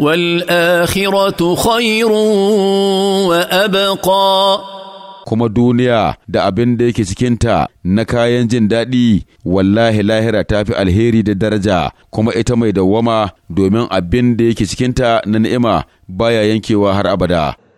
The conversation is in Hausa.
والآخرة خير وأبقى kuma duniya da abin da yake cikinta na kayan jin daɗi wallahi lahira ta fi alheri da daraja kuma ita mai dawwama domin abin da yake cikinta na ni'ima baya yankewa har abada